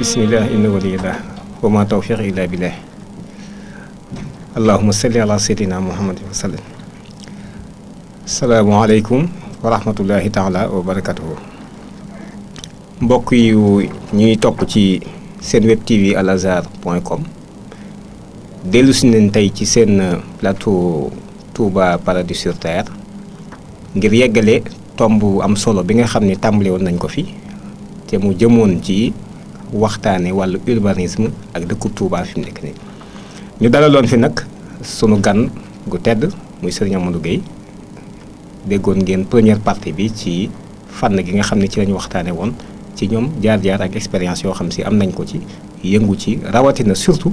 bismillah inna waliyillah wa ma tawfiq illa billah allahuma salli ala seydina muhammadin wa sallim salaamualeykum wa rahmatullahi taala wa barakatuhu mbokk yu ñuy topp ci seen web tv al azhar point com si nañ tey ci seen plateau Touba paradis sur ngir yeggale tomb am solo bi nga xam ni tàmbale woon nañ ko fi te mu jëmoon ci waxtaanee wàllu urbanisme ak dëkku Touba fi nekk nii. ñu dalaloon fi nag sunu gan gu tedd muy sëriñ Amadou Guèye déggoon ngeen première partie bi ci fànn gi nga xam ne ci lañu waxtaanee woon ci ñoom jaar-jaar ak expérience yoo xam si am nañ ko ci yëngu ci rawatina surtout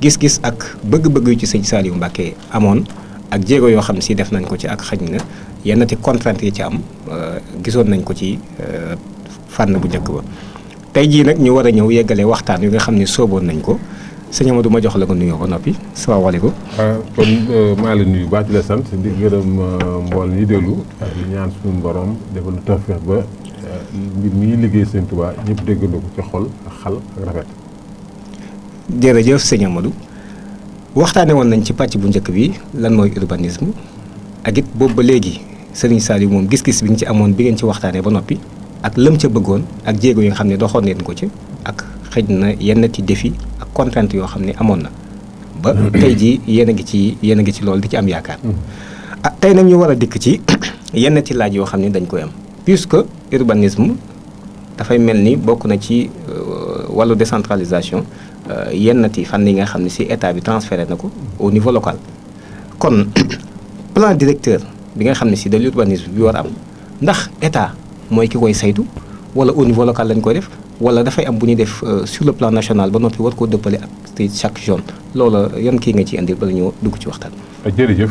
gis-gis ak bëgg-bëgg yu ci sëñ Saliou Mbacké amoon. ak jéego yoo xam si def nañ ko ci ak xaj na yenn ti contrainte yi ci am euh, gisoon nañ ko ci euh, fànn bu njëkk ba tey jii nag ñu war a ñëw yeggalee waxtaan wi nga xam ne sooboon nañ ko sëñ Amadou ma jox la ko nuyoo ba noppi salaamaaleykum. Ah, kon euh, maa ngi la nuyu baax di la sant di gërëm euh, mbool yi dellu ak di ñaan suñu borom defal lu tawfeex ba euh, mbir mi liggéey sëñ Tuubaa ñëpp déggandoo ko ci xol ak xal ak rafet. jërëjëf sëñ Amadou waxtaane woon nañ ci pàcc bu njëkk bi lan mooy urbanisme ak it boobu ba léegi saa Saliou moom gis-gis bi nga ci amoon bi ngeen ci waxtaanee ba noppi. ak lëm ca bëggoon ak jéego yi nga xam ne doxoon nañ ko ci ak xëj na yenn ci défi ak yoo xam ne amoon na. ba tey yéen a ngi ci yéen a ngi ci loolu di ci am yaakaar. Mm. ah tey nag ñu war a dikk ci yenn ci laaj yoo xam ne dañ koy am puisque urbanisme dafay mel ni bokk na ci euh, wàllu décentralisation euh, yenn ci fànn yi nga xam ne si état bi transféré na ko au niveau local. kon plan directeur bi nga xam ne si de l'urbanisme bi war am ndax état. mooy ki koy saytu wala au niveau local lañ koy def wala dafay am bu ñu def euh, sur le plan national ba noppi war koo dëppale ak te chaque zone loola yan kii nga ci indi bala ñu dugg ci waxtaan. jërëjëf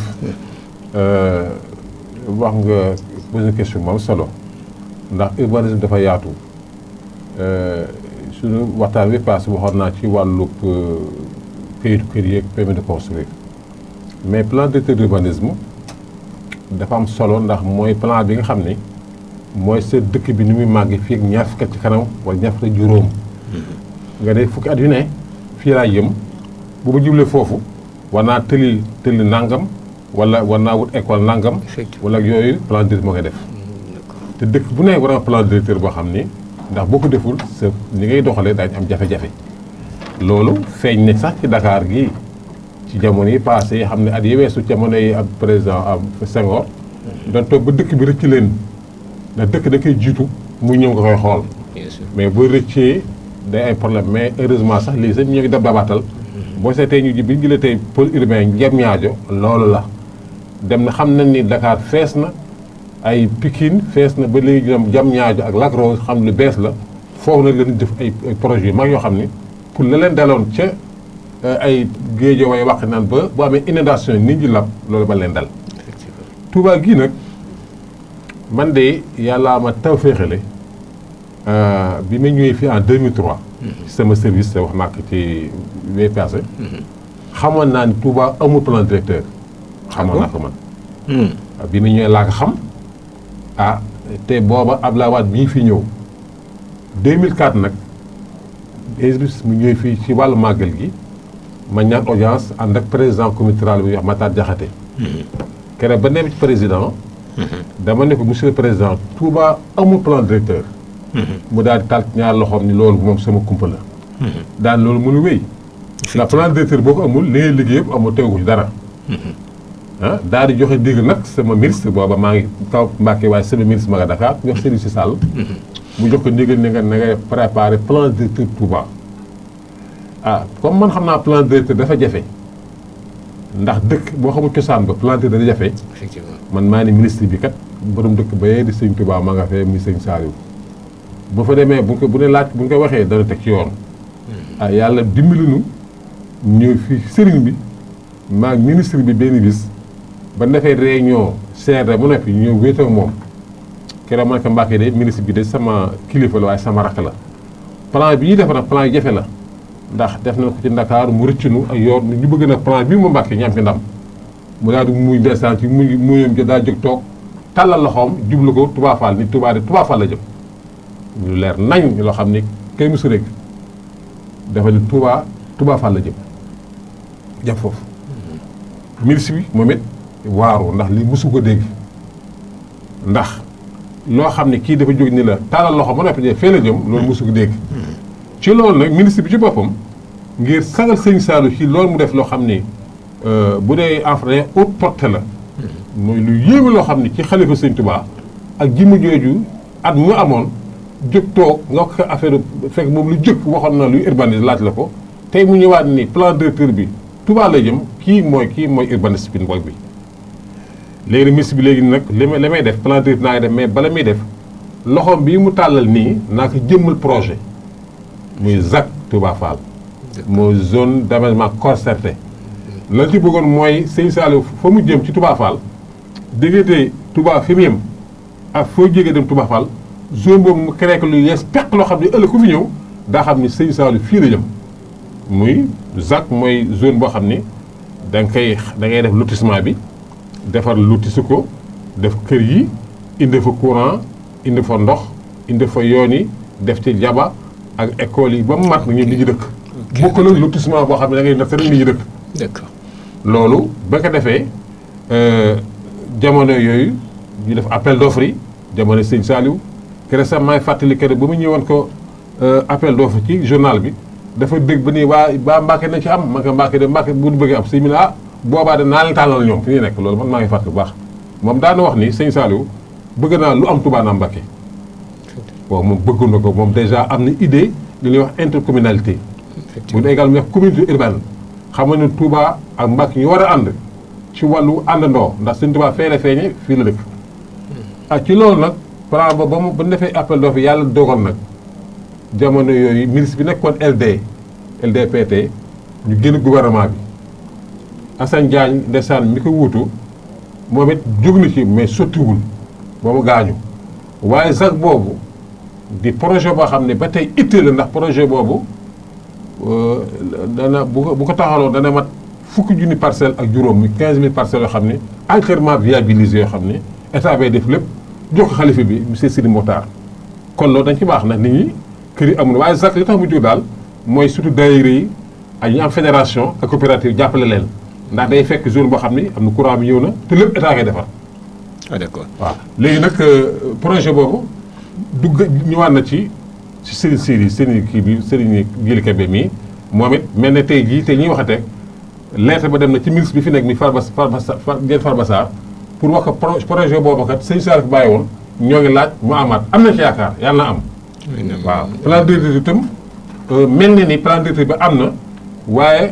euh, wax nga posé solo ndax urbanisme dafa yaatu euh, suñu waxtaan wi paase waxoon naa ci wàllub këyitu kër yeeg permis de construire mais plan directeur d'urbanisme dafa am solo ndax mooy plan bi nga xam ni. mooy seet dëkk bi ni muy màggee fii ak ñaar fukki at ci kanam juróom mm-hmm. nga fukki at yu ne fii laa yëm bu ma jublee foofu war naa tëli tëli nangam wala war naa wut école nangam wala yooyu plan directeur moo koy def mm, te dëkk bu nekk war naa plan boo xam ni ndax boo ko deful sa ni ngay doxalee daañu am jafe-jafe loolu feeñ ne sax ci dakaar gi ci jamono yi passé yi xam ne at yi weesu jamono yi ab président ab Senghor mm-hmm. doon toog ba dëkk bi rëcc leen ndax dëkk da jiitu mu ñëw nga koy xool. mais boo rëccee day ay problème mais heureusement sax lii sax ñu ngi dab dabaatal. Mm-hmm. boo seetee ñu ji bi ñu jëlee tey pôle urbain Diamniadio loolu la dem na xam nañ ni Dakar fees na ay Pikine fees na ba léegi jam Diamniadio ak Lac Rose xam lu bees la foofu nag leen def ay projets yu mag yoo xam ni pour la leen daloon ca euh, ay géejo way wax naan ba boo amee inondation nit ñi lab loolu ba leen dal Touba gii nag man de yàlla ma taw féexale euh, bi ma ñëwee fii en 2003. Mhm. sama service wax naa ko ci wee passé. Mhm. xamoon naa ni Touba amul plan directeur. xamoon ah naa ko man. Hmm. Ah, bi ma ñëwee laa ko xam ah te booba Abdoulaye Wade bi ñu fi ñëw 2004 nag service mu ñëwee fii ci wàll màggal gi ma ñaan audience ànd ak président comité rural bi ñuy wax Matar Diakhaté. Hmm. keroog ba nekk président. dama ne ko monsieur le président Touba amul plan directeur. mu daal di tàll ñaar loxoom ni loolu moom sama kumpa la. daan loolu mënu wéy. ndax plan directeur boo ko amul li ngay liggéey yëpp amul tegu ko ci dara. ah daal di joxe digg nag sama ministre booba maa ngi taw Mbàkke waaye sama ministre ma nga Dakar jox Serigne Sy mu jox ko ndigal ne nga na ngay préparer plan directeur Touba. ah comme man xam naa plan directeur dafa jafe. ndax dëkk boo xamul cosaan ba planté dana jafe. effectivement man maa ni ministre bi kat borom dëkk ba di sëñ Tuubaa maa nga fee muy sëñ Saaliw bu fa demee bu ko bu ne laaj bu ñu ko waxee dana teg ci yoon. Hmm. ah yàlla dimbali ñu ñëw fii sëriñ bi maag ministre bi benn bis ba defee réunion CRD mu ne fi ñëw wéetoo moom keroog ma ne ko Mbàkke de ministre bi de sama kilifa la waaye sama rakk la plan bi ñuy def nag plan yu jafe la. ndax def na ko ci Ndakaaru mu rëcc nu ak yoon ñu bëgg na plan bii mu Mbàkke ñam fi ndam mu daal mu muy ndeysaan mu muy muyam jo daa jóg toog tàllal loxoom jublu ko Touba Fall ni tubaa de Touba la jëm ñu leer nañ loo xam ni kay musu rek dafa ni Touba Touba la jëm jëm foofu milisi bi moom it waaru ndax li musu ko dégg ndax loo xam ni kii dafa jóg ni la tàllal loxo ba noppi fee la jëm loolu musu ko dégg ci loolu nag ministre bi ci boppam ngir sagal sëñ Saliou ci loolu mu def loo xam ni euh, bu dee enfrain haute portée la mooy lu yéeme loo xam ni ci xalifa sëñ Touba ak ji mu jooju at mu amoon jóg toog nga ko affaire fekk moom lu jëkk waxoon na luy urbanisme laaj la ko tey mu ñëwaat ni plan directeur bi Touba la jëm kii mooy kii mooy urbaniste bi mbooy bi léegi ministre bi léegi nag li may li may def plan directeur naa def mais bala muy def loxoom bii mu tàllal nii naa ko projet muy ZAC Touba Fall moo zone d' aménagement concerté lan ci bëggoon mooy sëñ Saliou fa mu jëm ci Touba Fall diggante Touba fi mu yem ak foo jege dem Touba Fall zone boobu mu créé lu yees peq loo xam ni ëllëg ko fi ñëw daa xam ni sëñ Saliou fii muy ZAC mooy zone boo xam ni da nga koy da def lotissement bi defar lotisu ko def kër yi indi fa courant indi fa ndox indi fa yoon yi def ci jaba ak école yi ba mu mat ñu li ñu dëkk. bokk na lotissement boo xam ne da ngay def rek li ñu dëkk. loolu ba ko defee euh, jamono yooyu ñu def appel d'offre jamono Sëñ Saliou récemment may fàttali que ne ba mu ñëwoon ko euh, appel d'offre ci journal bi dafa dégg ba ni waa waa Mbacke na ci am man ko Mbacke de Mbacke bu ñu bëggee am sëñ ah, boobaa de naa leen tànnal ñoom fi ñuy nekk loolu man maa ngi fàttali bu baax moom daana wax ni Sëñ Saliou bëgg naa lu am Touba naa bon moom bëgg na ko moom déjà am na idée li ñuy wax intercommunalité. bu dee également communauté urbaine xam nga ne Touba ak Mbacke ñu war a ànd ci wàllu àndandoo ndax sëñ Touba fee feeñe fii la dëkk. Hmm. Ah, ci loolu nag plan ba ba mu ba defee appel d'offres yàlla dogal nag jamono yooyu ministre bi nekkoon LD LDPT ñu génn gouvernement bi Assane Diagne ndeysaan mi ko wuutu moom it jóg na ci mais sottiwul ba mu gaañu waaye sax boobu. di projet boo xam ne ba tey itteel la ndax projet boobu euh, dana bu ko bu ko taxaloo dana mat fukki junni parcelle ak juróom quinze 15000 parcelles yoo xam ne entièrement viabilisées yoo xam ne état bay def lépp jox ko xalifa bi monsieur Sidi Mokhtar kon loolu dañ ci baax nag nit ñi kër yi amul waaye sax li tax mu jóg daal mooy surtout daayira yi ak ñi am fédération ak coopérative jàppale leen ndax day fekk zone boo xam ne am na courant bi ñëw na te lépp état ngay defar. ah d'accord léegi nag euh, projet boobu. dugg ñëwaat na ci si Serigne Serigne Serigne kii bi Serigne Jili Kebe mii moom it mel ne tey jii te ñuy wax waxate lettre ba dem na ci ministre bi fi nekk mi Farba Farba Diène Farba Sarr pour wax ko projet boobu kat sëñ Salif bàyyi woon ñoo ngi laaj mu amaat am na ci yaakaar yàlla na am. waaw plan directeur itam euh, mel na ni plan directeur bi am na waaye euh,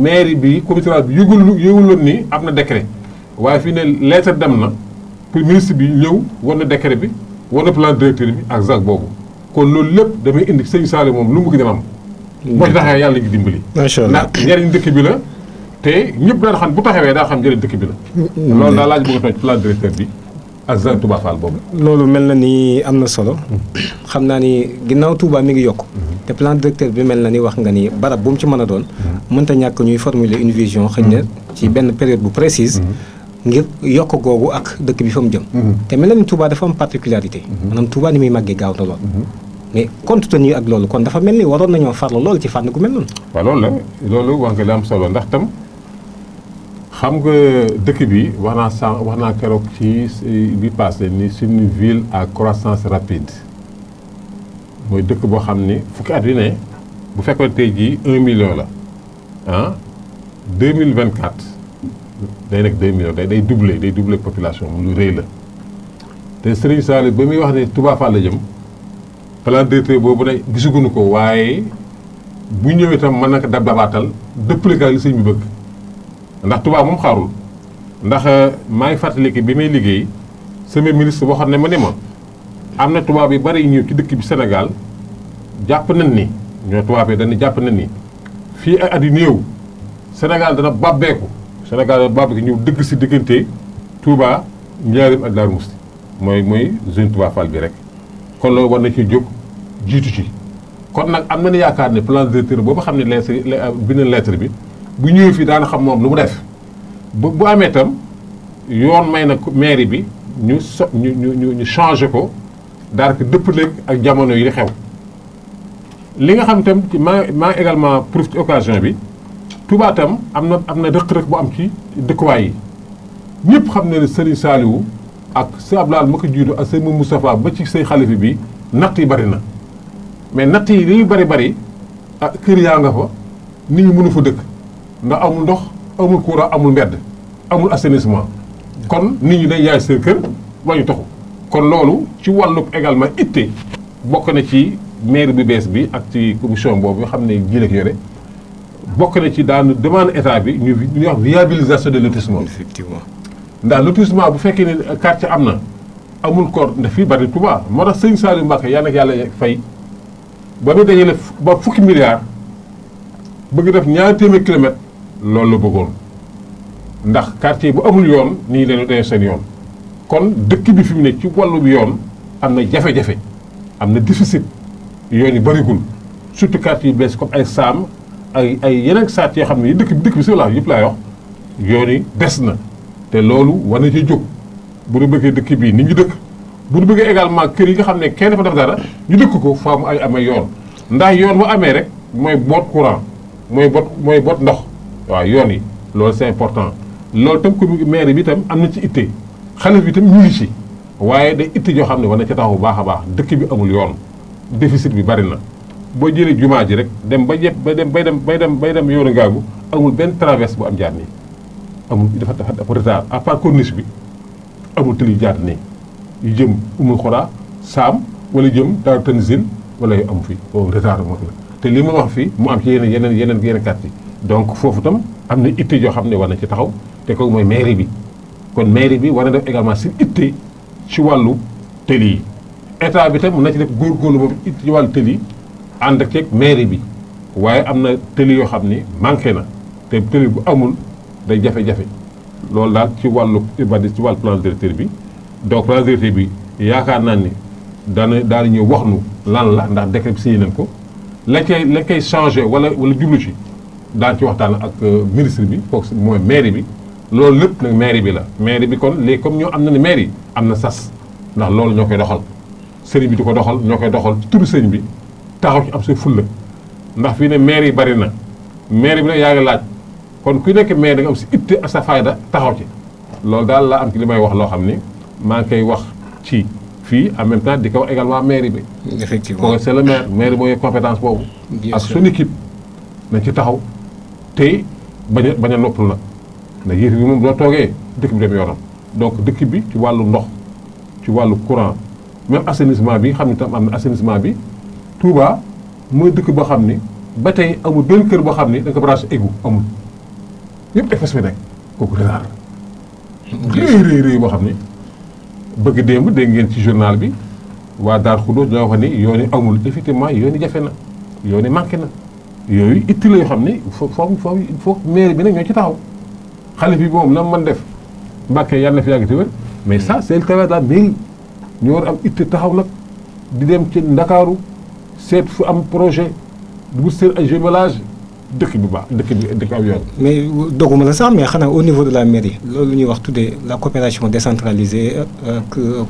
mairie bi commissariat bi yëgul yëguloon nii am na décret waaye fii ne lettre dem na pour ministre bi ñëw war na décret bi. war na plan directeur bi ak ZAC boobu kon loolu lépp damay indi sëñ Saliou moom lu mu bëgg dina am. boo ci taxawee yàlla ngi dimbali. macha allah ndax njëriñ dëkk bi la te ñëpp daan xam bu taxawee daa xam njëriñ dëkk bi la. Mm. loolu daal laaj bëgg a toj bi ak ZAC Touba Fall boobu. loolu mel na ni am na solo. Mm. xam naa ni ginnaaw Touba mi ngi yokk. Mm-hmm. te plan directeur bi mel na ni wax nga ni barab bu mu ci mën a doon. Mm-hmm. mënta ñàkk ñuy formuler une vision xëy na mm-hmm. ci benn période bu précise. ngir yokk googu ak dëkk bi fa mu jëm. Mhm. te mel na ni Touba dafa am particularité. Mhm. maanaam Touba ni muy màggee gaaw na lool. Mhm. mais compte tenu ak loolu kon dafa mel ni waroon nañoo farlu lool ci fànn gu mel noonu. waaw loolu la loolu wax nga la am solo ndax tam xam nga dëkk bi wax naa sànq wax naa keroog ci bi passé ni c'est une ville à croissance rapide mooy dëkk boo xam ni fukki at yu ne bu fekkoon tey jii un million la ah deux mille vingt quatre day nekk 2 day day doublé day doublé population lu rëy la te Serigne Saliou ba muy wax ne Touba Fall la jëm plan directeur boobu nag gisaguñu ko waaye bu ñëwee tam mën na ko dab dabaatal dëppale li sëñ bi bëgg ndax Touba moom xaarul ndax euh, maa ngi fàttaliki bi may liggéey sama ministre waxoon ne ma ne ma am na tubaab yu bari ñëw ci dëkk bi senegal jàpp nañ ni ñoo tubaab yi dañu jàpp nañ ni fii ak at yu néew Sénégal dana bàbbeeku Sénégal Babacar ñëw dëgg si diggante Touba Njaaréem ak Daaru Musti mooy mooy zone Touba Fall bi rek kon loolu war na ci jóg jiitu ci kon nag am nañu yaakaar ne plan directeur boobu xam ne lettre bi na lettre bi bu ñëwee fii daana xam moom lu mu def bu bu amee itam yoon may na mairie bi ñu so ñu ñu ñu changé ko daanaka dëppaleeg ak jamono yi di xew li nga xam itam maa maa également profité occasion bi Touba am na am na rëq-rëq bu am ci dëkkuwaay yi ñëpp xam ne ne Serigne Saliou ak Sëñ Abdoulaye ma ko jiitu ak Sëñ Moustapha ba ci say xalifa bi natt yi bari na mais natt yi li ñu bari bari ah kër yaa nga fa nit ñi mënu fa dëkk ndax amul ndox amul courant amul mbedd amul assainissement kon nit ñi day yaay seen kër wañu taxu kon loolu ci wàllub également itte bokk na ci maire bu bees bi ak ci commission boobu xam ne jileeg yore bokk na ci daan demande état bi ñu ñu wax viabilisation de lotissement. effectivement ndax lotissement bu fekkee ne quartier am na amul ko ndax fii bari Touba moo tax sëñ Saliou Mbacké yàlla nag yàlla fay ba muy dajale ba fukki milliards bëgg def ñaari téeméer kilomètres loolu la bëggoon ndax quartier bu amul yoon nii dañu dee seen yoon kon dëkk bi fi mu ne ci wàllu yoon am na jafe-jafe am na déficit yoon yi bërigul surtout quartier yu bees comme ay Saam ay ay yeneen saat yoo xam ne dëkk bi dëkk bi si laa yëpp laay wax yoon des na te loolu war na ci jóg bu ñu bëggee dëkk bii ni ñu dëkk bu ñu bëggee également kër yi nga xam ne kenn dafa def dara ñu dëkk ko faa ay amee yoon ndax yoon bu amee rek mooy boot courant mooy boot mooy boot ndox waaw yoon yi loolu c'est important loolu itam commune maire bi tam am na ci itte xalif bi tam ñu ngi ci waaye day itte joo xam ne war na ci taxaw bu baax a baax dëkk bi amul yoon déficit bi bari na boo jëlee jumaa ji rek dem ba yëpp ba dem bay dem bay dem bay dem yoonu ngaabu amul benn traverse bu am jaar nii amul dafa dafa dafa retard à part corniche bi amul tëli yu jaar nii yu jëm Oumy Khora Saam wala jëm Daaru Tanzil wala yu am fi boobu retard moo la te li ma wax fii mu am ci yeneen yeneen yeneen yeneen quartier donc foofu tam am na itte joo xam ne war na ci taxaw te ko mooy mairie bi kon mairie bi war na def également si itte ci wàllu tëli yi état bi tam na ci def góorgóorlu boobu itte ci wàllu tëli ànd ak mairie bi waaye am na tëli yoo xam ni manqué na te tëli bu amul day jafe-jafe loolu daal ci wàllu urbanisme ci wàllu plan bi donc plan directeur bi yaakaar naa ni daana daana ñëw wax nu lan la ndax décret bi signé nañ ko la koy la koy changé wala wala jublu ci daan ci waxtaan ak euh, ministre bi foog mooy mairie bi loolu lépp nag mairie bi la mairie bi kon léegi comme ñoo am na ne mairie am na sas ndax loolu ñoo koy doxal sëriñ bi di ko doxal ñoo koy doxal ci turu sëriñ bi taxaw ci am sa fulla ndax fii ne maire yi bari na maire bi nag yaa ngi laaj kon ku nekk maire da nga am si itte ak sa fayda taxaw ci loolu daal laa am ci li may wax loo xam ni maa ngi koy wax ci fii en même temps di ko wax également maire bi. effectivement kooku c'est le maire maire mooy compétence boobu. ak son équipe nañ ci taxaw tey bañ a bañ a noppal nag ndax yéex bi moom doo toogee dëkk bi dem yoonam donc dëkk bi ci wàllu ndox ci wàllu courant même assainissement bi xam ne tam am na assainissement bi. Touba mooy dëkk boo xam ni ba tey amul benn kër boo xam ni da nga ko branché égout amul yëpp efes boo xam ni bëgg démb dégg ngeen ci journal bi waa daal Khoudoss ñoo wax ni yoo yi amul effectivement yoo yi jafe na yoon yi manqué na yooyu itti la yoo xam ni foo foofu foofu foofu maire bi nag ñoo ci taxaw xale bi moom na man def Mbàkke yàlla na fi yàgg te mais sa c'est le travail de la mairie ñu war am itti taxaw nag di dem ci Ndakaaru seet fu am projet bu seen ay jumelage dëkk bi baax dëkk bi dëkk mais doguma la sax mais xanaa au niveau de la mairie loolu ñuy wax tuddee la coopération décentralisée euh,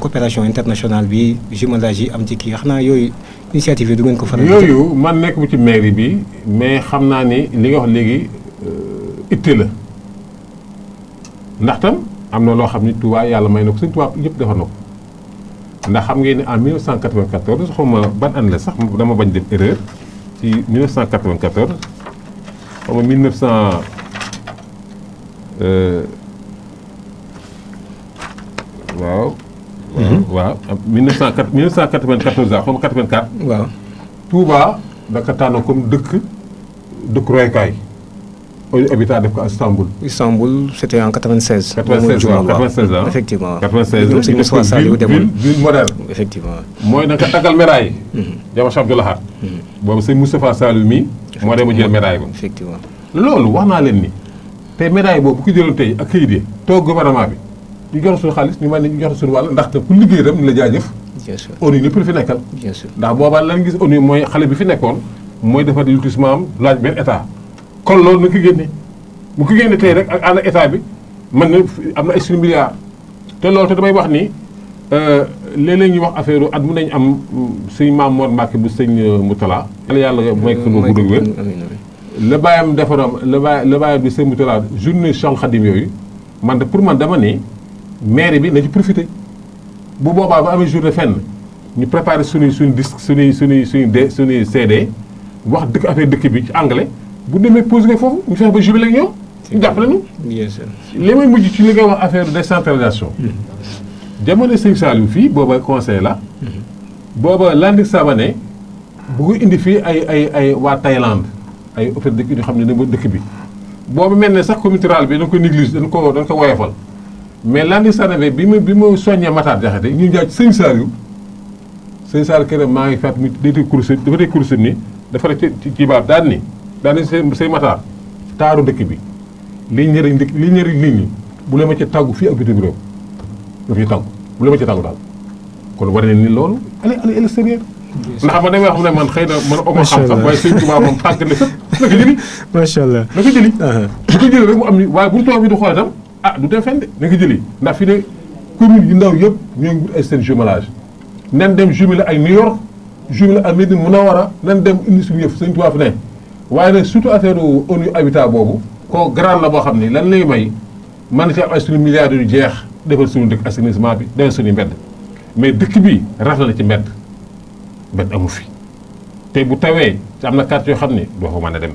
coopération internationale bi jumelage yi am ci kii xanaa yooyu initiative yi du ngeen ko faral yooyu man nekk bu ci mairie bi mais xam naa ni li nga wax léegi euh, itte la ndax tam am na loo xam ni Touba yàlla may na ko sëñ Touba yëpp defar na ko. ndax xam ngeen ne en 1994 xaw ma ban an la sax dama bañ def erreur ci 1994 xaw ma 1900 waaw. Mhm. waaw 1904 1994 ah xaw waaw Touba da ko comme dëkk dëkk royukaay. Habitat def ko Istanbul. Istanbul c' était en 96. 96 waaw 96 waaw effectivement. 96 ñoom suñu Moussa Saliou demoon ville moderne. effectivement mooy da nga ko takkal médaille. Mhm. Mhm. dem a jël médaille wax naa leen ni tey médaille boobu bu ko jëloon tey ak këyit yi toog gouvernement bi ñu jox suñu xaalis ñu mën nañu jox suñu wàll ndaxte pour liggéey rek la jaajëf. bien sûr ONU ñëpp fi nekkal. ndax boobaa lan gis ONU mooy xale bi fi nekkoon mooy defar lotissement am laaj benn état kon loolu na ko génne mu ko génne tey rek ak ànd état bi man na am na ay suñu milliards te loolu te damay wax ni euh, léeg leen ñu wax affaire at mu nañu am mm, suñu maam Mor Mbacke bu sëñ euh, Moutala. yàlla yàlla may mooy bu dëgg wér la bàyyam defaram la bàyyi la bàyyam bi sëñ Moutala journée Cheikh Khadim yooyu man de pour man dama ni maire bi na ci profité bu boobaa ba amee journée fenn ñu préparé suñuy suñu disque suñuy suñuy suñu de suñuy CD wax dëkk affaire dëkk bi ci anglais. bu demee pose nga foofu ñu fexe ba jubale ak ñoom. ñu jàppale ñu. li may mujj ci li nga wax affaire décentralisation. Hmm. jamono Sëñ Saliou fii booba conseil la. Hmm. booba Landing Savané bu ko indi fii ay ay ay waa Thaïlande ay opérateurs dëkk yu xam ne dama dëkk bi. boobu mel ne sax communauté rurale bi dañ ko néglige dañ ko dañ ko woyofal mais Landing Savané bi ma bi ma soññee Matar Diakhaté ñu jaaj Sëñ Saliou Sëñ Saliou këram maa ngi fàttali mu day teg kuréel dafa teg kuréel ni dafa daane say mataar taaru dëkk bi li ñëriñ dëkk li ñëriñ nit ñi bu leen ma ci tàggu fii ak bitim réew daf ñu bu leen ma ci tàggu daal kon war ne ni loolu allez allez extérieur xëy na man oma xam sax waaye sëñ Tuubaa moom tàgg na fépp na ko jëli macha allah mu am ni waaye bu ñu toog bi di xool itam ah du dem fenn de na ko fi ne yi ndaw yëpp ñoo ngi wut ay seen jumelage nan dem jumelé ay New York jumelé ak Médine Munawara dem indi suñu yëf sëñ Tuubaa fi ne waaye nag surtout affaire ONU Habitat boobu ko grand la boo xam ni lan lay may man ci am ay suñu milliards yu jeex defal suñu dëkk assainissement bi defal suñu mbedd mais dëkk bi rafet na ci mbedd mbedd amu fi te bu tawee ci am na quartier yoo xam ne doo fa man a dem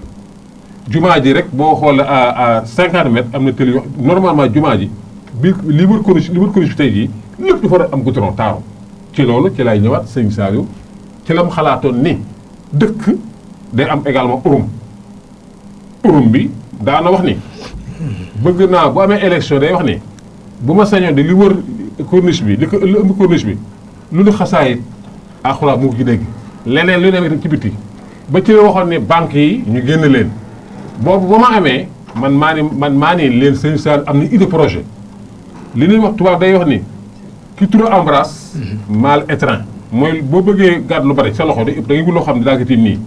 jumaa ji rek boo xoolee à à cinquante mètres am na tëli yoo normalement jumaa ji bi li wër corniche li wër corniche bi tey jii lépp dafa war a am goudron taaru ci loolu ci laay ñëwaat sëñ Saliou ci la mu ni dëkk day am également urum urum bi daana wax ni bëgg naa bu amee élection day wax ni bu ma sañoon de li wër corniche bi li ko li ëmb corniche bi lu lu xasaayit alxuraan mu ngi dégg leneen lu ne ci biti ba ci waxoon ne banques yi ñu génn leen boobu ba ma amee man maa ni man maa ni leen seen saa am na idée projet li ñuy wax tubaab day wax ni qui trop embrasse mhm. mal étreint mooy boo bëggee gàddu lu bari sa loxo de da ngay wut loo xam ne daa ko tiim nii.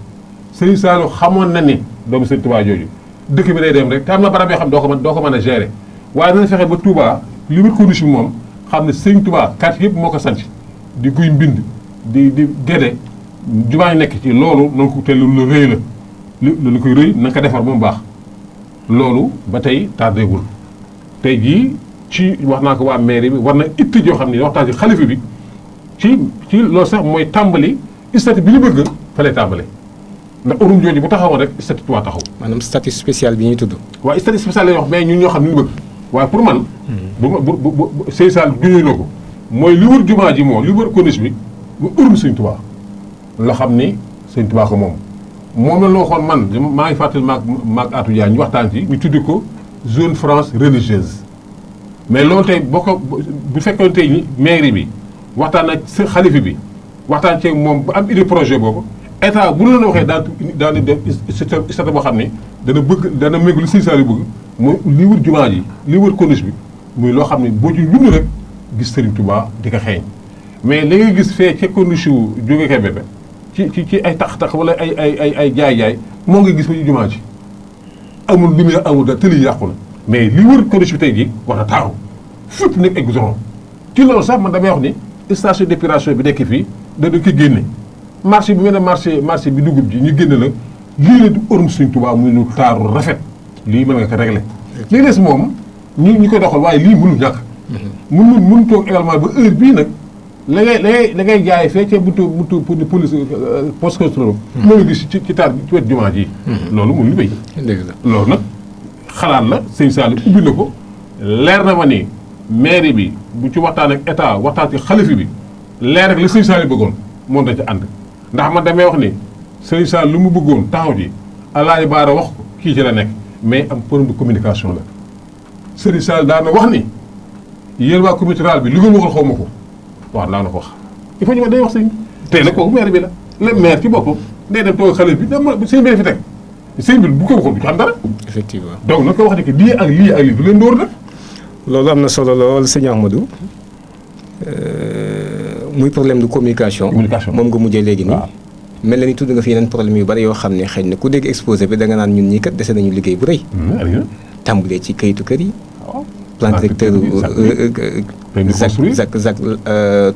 Serigne Saliou xamoon na ni doomu Serigne Touba jooju dëkk bi day dem rek te am na barab yoo xam doo ko mën ko mën a gérer waaye dana fexe ba Touba li mu condition bi moom xam ne Serigne Touba quartier yëpp moo ko sant di guy mbind di di gédé jumaa nekk ci loolu noonu ko te lu rëy la lu lu ko rëy na ko defar ba mu baax loolu ba tey tardewul tey jii ci wax naa ko waa mairie war na itti yoo xam ne waxtaan ci xalifa bi ci ci loolu sax mooy tàmbali istati bi ñu bëgg fa ndax urum jooju bu taxawoon rek statut waa taxaw. maanaam statut spécial bi ñu tudd. waaw statut spécial la ñuy wax mais ñun ñoo xam ne ñu bëgg waaye pour man. bu ma bu bu bu Seye Sall na ko mooy li wër jumaa ji moom li wër corniche xam ni Sëñ Tuubaa ko moom. moom la man maa ngi fàttali maag maag Atou Dia ñu waxtaan ci ñu tudd ko zone France religieuse mais loolu tey boo bu fekkoon tey mairie bi waxtaan ak sa xalifa bi waxtaan ceeg moom bu am idée projet boobu. état bu loolu waxee daal daal di def statut boo xam ne dana bëgg dana méngu li Sëñ Saliou bëgg mooy li wër jumaa ji li wër corniche bi muy loo xam ne boo ci bind rek gis Serigne Touba di ko xeeñ mais li nga gis fee ca corniche yu jóge ci ci ci ay tax-tax wala ay ay ay ay jaay-jaay moo ngi gis ba ci jumaa ji amul lumière amul da tëli yàqu na mais li wër corniche bi tey jii war na taaru fépp nekk ay goudron ci loolu sax man damay wax ni station d'épuration bi nekk fii dana ko génne marché bi nga ne marché marché bi dugub ji ñu génn la lii la du ërum Sëriñ Tuubaa muy lu taaru rafet lii mën nga ko régler moom ñu ñu ko doxal waaye lii mënul ñàkk mhm. mun mun mun toog nag la ngay la ngay la ngay jaay fee ca buntu buntu police euh, poste contrôle mhm. ci ci taar ci wet jumaa ji mhm. loolu mun lu béy loolu nag xalaat la leer na ma ni mairie bi bu ci waxtaan état waxtaan ci xalifi bi leer ak la sëñ Sall bëggoon moom dañ ci ànd ndax man damay wax ni Serigne Sall lu mu bëggoon taxaw ji Alaaji Baara wax kii ci la nekk mais am problème communication la Serigne Sall daana wax ni yéen waa comité rural bi lu ngeen waxal xaw ma ko ko wax il faut ñu wax day wax sëñ tey nag kooku maire bi la le maire ci boppam bi dama sëñ bu ko waxoon du ci am dara effectivement donc na ko wax ne que lii ak lii ak lii du leen dóor nag loolu am na solo lool sëñ Ahmadou euh, muy problème de communication. moom nga mujjee léegi nii. mel na ni tudd nga fi yeneen problème yu bari yoo xam ne xëy na ku dégg exposé bi da nga naan ñun ñii kat dese nañu liggéey bu rëy. Mm, tàmbalee kayitu kër yi. Oh. plan directeur ah, euh, euh, euh, ZAC ZAC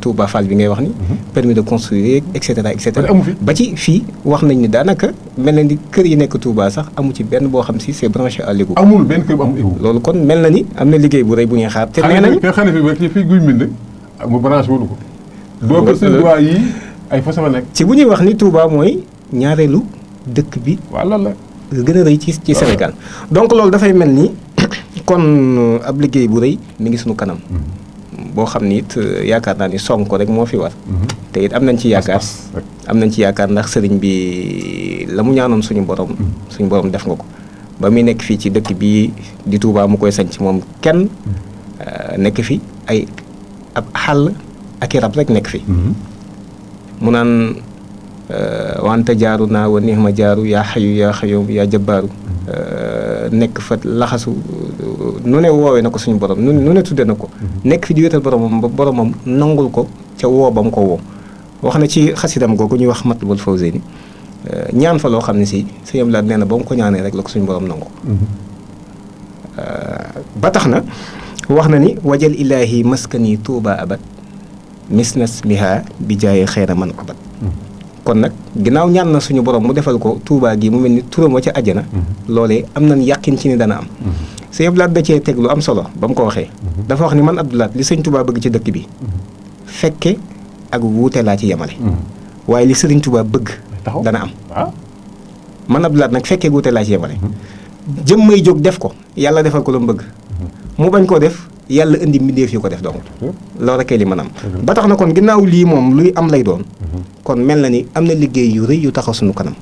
Touba Fall bi ngay wax ni. Mm-hmm. permis de construire et cetera et cetera. ba ci fii wax nañ ni daanaka mel na ni kër yi nekk Touba sax amu ci benn boo xam si c'est branché à l'égout. loolu kon mel na ni am na liggéey bu rëy bu ñuy xaar. te nee nañ xanaa fi xanaa fi guy mbind mu branché wul ko. boo ko ay fa sama ci bu ñuy wax ni Touba mooy ñaareelu dëkk bi. waaw loolu la. gën a rëy ci senegal donc loolu dafay mel ni kon euh, ab liggéey bu rëy mi ngi suñu kanam. Mhm. boo xam ni it euh, yaakaar naa ni sonk rek moo fi war. Mhm. te it am nañ ci yaakaar. am nañ ci yaakaar ndax sëriñ bi la mu ñaanoon suñu borom. Mhm. suñu borom def nga ko. ba muy nekk fii ci dëkk bi di Touba mu koy sañ ci moom kenn euh, nekk fi ay ab xàll. ak i rab rek nekk fi mhm. mu naan euh, wante jaaru naa wa neex ma jaaru yaa xayu yaa xayoom yaa jabaaru mhm. euh, nekk fa laxasu nu ne woowee na ko suñu borom nu nu ne tudde na ko mhm. nekk fi di wéetal boromam ba boromam nangul ko ca woo bam ko woo wax na ci xasidam googu ñuy wax Matlabul Fawzayni euh, ñaan fa loo xam ne si sëñ Abdou Lahad nee na ba mu ko ñaanee rek la ko suñ borom nangu ba tax na wax na ni wajal ilaahi maskani tuuba abad mis nas miha bi jaaye jaayee xeera man abat kon nag ginnaaw ñaan na suñu borom mu defal ko tuubaa gi mu mel ni turam wa ca àjjana loole am nañ yàqin ci ne dana am sëñ Abdou da cee teg lu am solo ba mu ko waxee dafa wax ni man Abdou laat li sëñ Tuubaa bëgg ci dëkk bi fekke ak wuute laa ci yemale waaye li sëriñ Tuubaa bëgg dana am ah. man Abdou Lahad nag fekkee wuute laa ci yemale jëm may jóg def ko yàlla defal ko lu mu bëgg mu bañ koo def yàlla indi mbindeef yu ko def donc loolu rek li mën am ba tax na kon ginnaaw lii moom luy am lay doon kon mel na ni am na liggéey yu rëy yu taxaw suñu kanam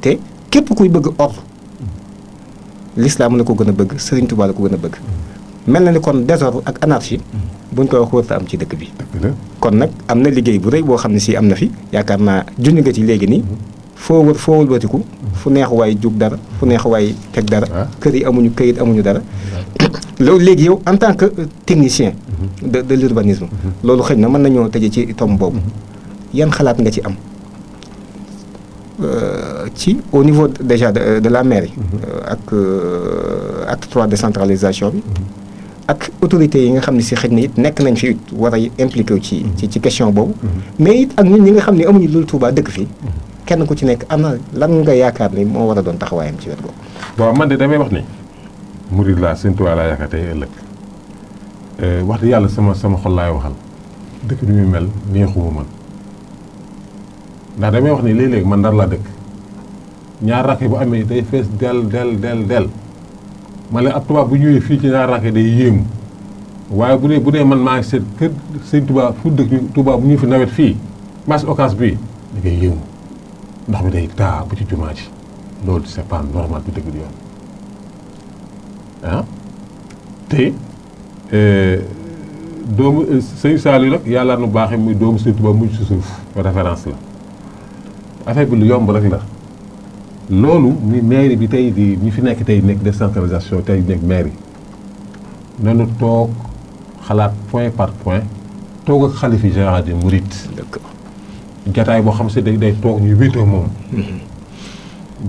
te képp kuy bëgg or lislaam la ko gën a bëgg Sëriñ Tuubaa la ko gën a bëgg mel na ni kon désordre ak anarchie buñ ko wax wërta am ci dëkk bi kon nag am na liggéey bu rëy boo xam ne si am na fi yaakaar naa junj nga ci léegi nii foo wër foo wëlbatiku mm-hmm. fu neex waaye jug dara fu neex waaye teg dara ah. kër yi amuñu këyit amuñu dara loolu léegi yow en tant que euh, technicien mm-hmm. de de l'urbanisme mm-hmm. loolu xëy na mën nañoo tëje ci tom boobu yan xalaat nga ci am euh, ci au niveau déjà de euh, de la mairie ak ak acte de décentralisation bi ak autorités yi nga xam ne si xëy na it nekk nañ fi war a impliqué wu ci ci ci question boobu mais it ak ñun ñi nga xam ne amuñu loolu Touba dëkk fii kenn ku ci nekk am na lan nga yaakaar ni moo war a doon taxawaayam ci wet googu. waaw man de damay wax ni. murid laa Sëñ Tuubaa laa yaakaar tey ëllëg eh, wax dëgg yàlla sama sama xol laay waxal dëkk bi mel neexuma man damay wax ni léeg man ndar laa dëkk ñaar rakk bu amee day fees del del del del man bu ñëwee fii ci ñaar rakk day yéemu waaye bu dee bu dee man maa ngi seet kër Sëñ Tuubaa fu dëkk Tuubaa bu ñuy fi nawet fii marché Ocass bii da yéemu. ndox mi day taa bu ci jumaa ji loolu c'est pas normal bu dëgg yoon ah? te euh, doomu euh, sëñ Saliou nag yàlla nu baaxee muy doomu suuf ba mujj si suuf référence la affaire bi lu yomb rek la loolu ni mairie bi tey di ñu fi nekk tey nekk de décentralisation tey nekk mairie nanu toog xalaat point par point toog ak xalifi général des mourides. jataay boo xam si day day toog ñu wéetoo moom mm-hmm.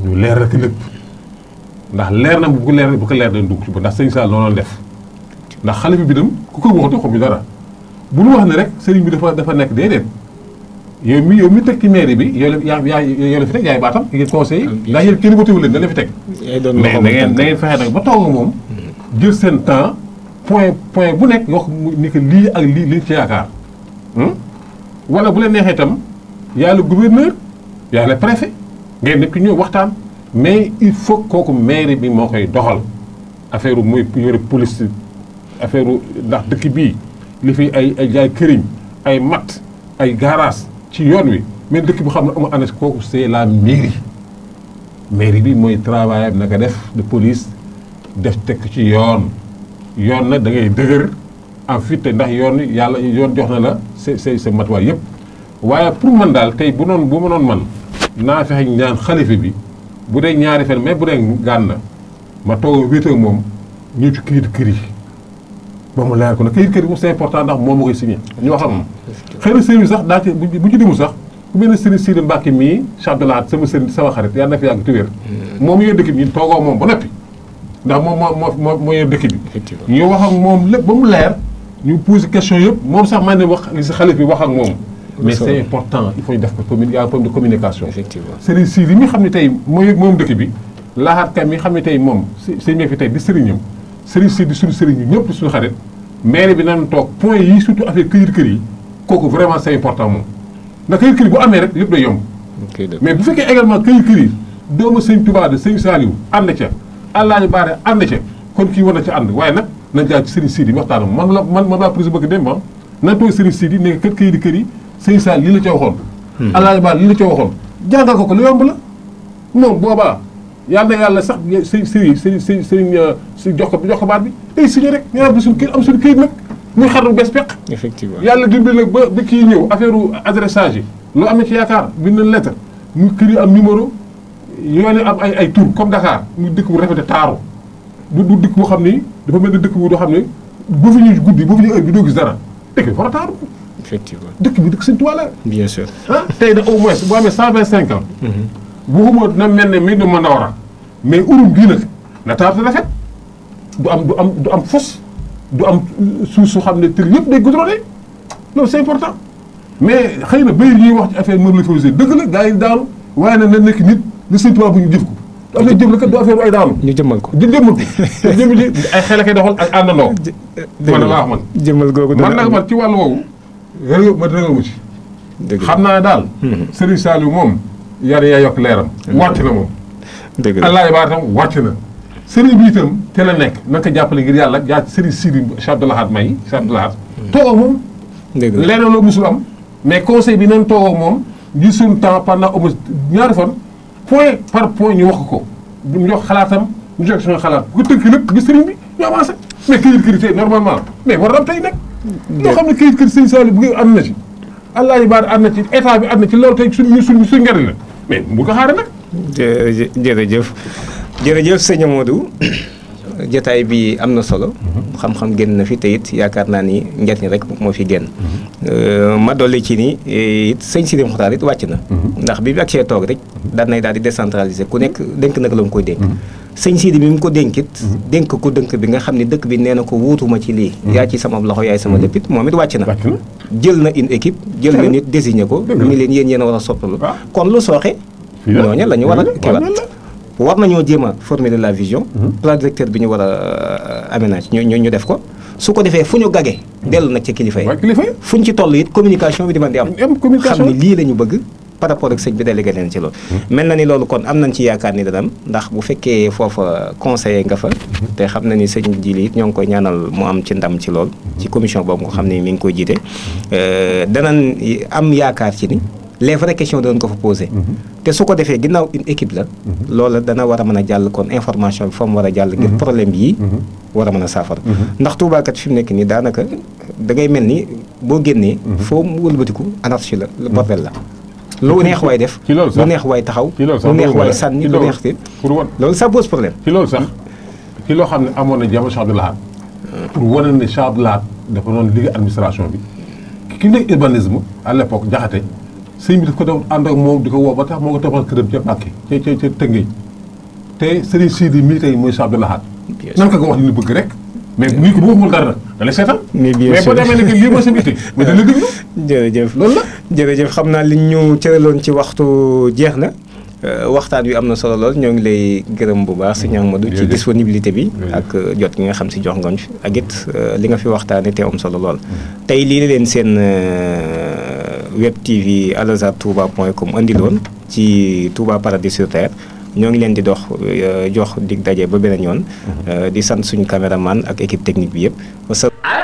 ñu leer ki lépp ndax leer na bu ko leer bu ko leer dañ dugg ci ba ndax sëñ Sall noonu def ndax xale bi bidam ku koy wax xam ñu dara bu lu wax ne rek sëriñ bi dafa dafa nekk déedéet yow mu yow mi teg ci mairie bi yow la yaa yow la fi teg yaay baatam ngeen conseil mm-hmm. ndax yéen kenn voté wu leen da la fi teg mais na ngeen na ngeen fexe nag ba toog moom mm-hmm. jël seen temps point point bu nekk nga wax ni que lii ak lii liñ ci yaakaar hmm? bu leen neexee itam yàlla a le gouverneur y a le préfet nekk ñoo waxtaan mais il faut kooku mairie bi moo koy doxal affaire muy yore police affaire ndax dëkk bii li fi ay ay jaay ay mat ay garage ci yoon wi mais dëkk bu xam ne amul ANACIM kooku c'est la mairie mairie bi mooy travail am def de police def tekk ci yoon yoon na da ngay dëgër en fuite ndax yoon yàlla yoon jox na la sa sa sa matuwaay yëpp. waaye pour man daal tey bu noon bu ma noon man naa fexe ñaan xalifa bi bu dee ñaari fen mais bu dee gànna ma toog wéetoo moom ñëw ci këyit kër yi ba mu leer ko nag këyit kër yi moom c'est important ndax moom ma ñu wax am xëy na sëriñ sax daa ci bu ci mu sax ku mel ne sëriñ Sidi Mbacke mii chabdulaat sama sëriñ sama xarit yàlla na fi yàgg tuwéer moom yor dëkk bi ñu toogoo moom ba noppi ndax moom moo moo moo yor dëkk bi ñu wax ak moom lépp ba mu leer ñu posé question yëpp moom sax man ne wax si xalif bi wax ak moom mais c'est important il faut ñu def ko a communication. effectivement sëriñ si li xam ne tey mooy moom dëkk bi laaxaatkat mi xam ne tey moom si si ñu fi tey di sëriñam sëriñ si di suñu sëriñ ñëpp di suñu xarit maire bi nan toog point yi surtout affaire këyit kër yi kooku vraiment c'est important moom ndax këyit kër bu amee rek yëpp day yomb. mais bu fekkee également këyit kër yi doomu sëñ Tuubaa de sëñ Saliou ànd ca Alaaji Baare ànd ca kon kii war na ca ànd waaye nag nañ jaar ci sëriñ Sidi waxtaanam man la man man laa prise bëgg ah. yi sëñ Saal lii la ca waxoon. Hmm. Alaaji Ba lii la ca waxoon. jàngal ko ko lu yomb la moom boobaa yal na yàlla sax sëñ sëñ sëñ sëñ sëñ euh, jox ko jox ko baat bi day signé rek ñu am suñu kër am suñu këyit nag muy xarnu bees peq. effectivement yàlla dimbali nag ba bi kii ñëw affaire adressage yi. lu amee ci yaakaar bi na lettre ñu kër yi am numéro yoon am ay ay tur comme Dakar muy dëkk bu rafet taaru du du dëkk boo xam ni dafa mel ni dëkk bu doo xam ne bu fi ñuy guddi bu fi ñuy heure bi doo gis dara dëkk bi taaru. effectivement dëkk bi dëkk Sëñ Tuubaa la. bien sûr ah tey nag au boo amee cent vingt cinq ans. Mhm. waxuma na mel ne mii du man a war a mais urum bii na taar rafet du am du am du am fos du am suuf su xam ne tër yëpp day goudronné loolu c'est important mais xëy na béy ñuy wax ci affaire mobilisation dëgg la gars yi daanu waaye a na nekk nit lu Sëñ Tuubaa bu ñu jëf ko. am na jëmale du affaire ay daanu. ñu jëmmal ko di jëmmal ko te jëmmi ji ay xel a koy doxal ak àndandoo. dëgg la man man nag man ci wàllu woowu. rëy ma rëy ci. xam naa daal. Hmm. Serigne Saliou moom yar yaa yokk leeram. wàcc na moom. dëgg la Alaaji Ba tam wàcc na. Serigne bi itam te la nekk na jàppale ngir yàlla yaa Serigne Sidi Cheikh Abdou Lahad may Cheikh Abdou Lahad. Hmm. toogoo moom. dëgg la musul am. mais conseil bi nañ toogoo moom ñu suñu temps pendant au moins ñaari fan point par point ñu wax ko ñu jox xalaatam ñu jox suñu xalaat ku tënk lépp gis Serigne bi ñu avancé mais kii kii normalement mais war na ñoo xam ne këyit kër sëñ Saliou bu am na ci allah yi baar am na ci état bi am na ci loolu tey suñu suñ suñ njëriñ la mais bu ko xaaree nag jërëjëf jërëjëf sëñ Amadou jataay bi am na solo xam-xam génn na fi te it yaakaar naa ni njariñ rek moo fi génn euh, ma dolli ci nii it sëñ Sidi Mokhtar it wàcc na mhm. ndax bi bi ak see toog rek daan nay daal di décentraliser ku nekk dénk nag la mu koy dénk mhm. sëñ Sidi bi mu ko dénkit mhm. dénk ko dënk bi nga xam ne dëkk bi nee na ko wuutuma ci lii mhm. yaa ci sama loxo yaay sama mhm. léppit moom it wàcc na jël na une équipe jël na nit désigné ko lu ñu leen yéen yéen war a soppalu kon lu sooxe ñooñu la ñu war a kiiwaat war nañoo jéem a formuler la vision plan directeur bi ñu war a euh, aménage ñu ñu def ko su ko defee fu ñu gagee dellu nag ci kilifa yi fu ñu ci toll it communication bi di man di am xam ne lii la ñu bëgg par rapport ak sëñ bi délégué leen ci loolu. mel na ni loolu kon am nañ ci yaakaar ni dana ndax bu fekkee foofa conseiller nga fa. te xam na ni sëñ ji li ñoo ngi koy ñaanal mu am ci ndam ci lool ci commission boobu nga xam ne mu ngi koy jiite euh, danañ am yaakaar ci ni. les vraies questions doon ko fa posé. te su ko defee ginnaaw une équipe la. loola dana war a mën a jàll kon information bi fa mu war a jàll. ngir problème yi war a mën a saafara. ndax tuubaakat fi mu nekk nii daanaka da mel ni boo génnee. foo mu wëlbatiku anarchie la bordel la. lu neex waay def. ci loolu sax lu neex waay taxaw. ci loolu sax ci loolu sax ci loo xam ne amoon na jamono Cheikh Abdou Lahad pour wane ne Cheikh Abdou Lahad dafa doon liggéey administration bi ki nekk urbanisme à l'époque jaxate sëñ bi daf ko doon ànd ak moom di ko woo ba tax moo ko toppal këram ca Mbàkke ca ca ca Tëngéej te Serigne Sidi mii tey mooy Cheikh Abdou Lahad. nga wax li ñu bëgg rek. mais nit ko bu waxul dara nag da seetal. mais boo demee ne lii mais da la déglu. jërëjëf loolu la. jërëjëf xam naa li ñu cëraloon ci waxtu jeex na. Euh, waxtaan wi am na solo lool ñoo ngi lay gërëm bu baax si sëñ Amadou ci disponibilité bi ak euh, jot ki nga xam si jox ngoñ fi ak it euh, li nga fi waxtaane te am solo lool mm-hmm. tey lii leen seen web tv alazar touba point com andiloon ci touba paradis sur ñoo ngi leen di dox jox di daje ba beneen ñoon mm-hmm. di sant suñu caméraman ak équipe technique bi yëpp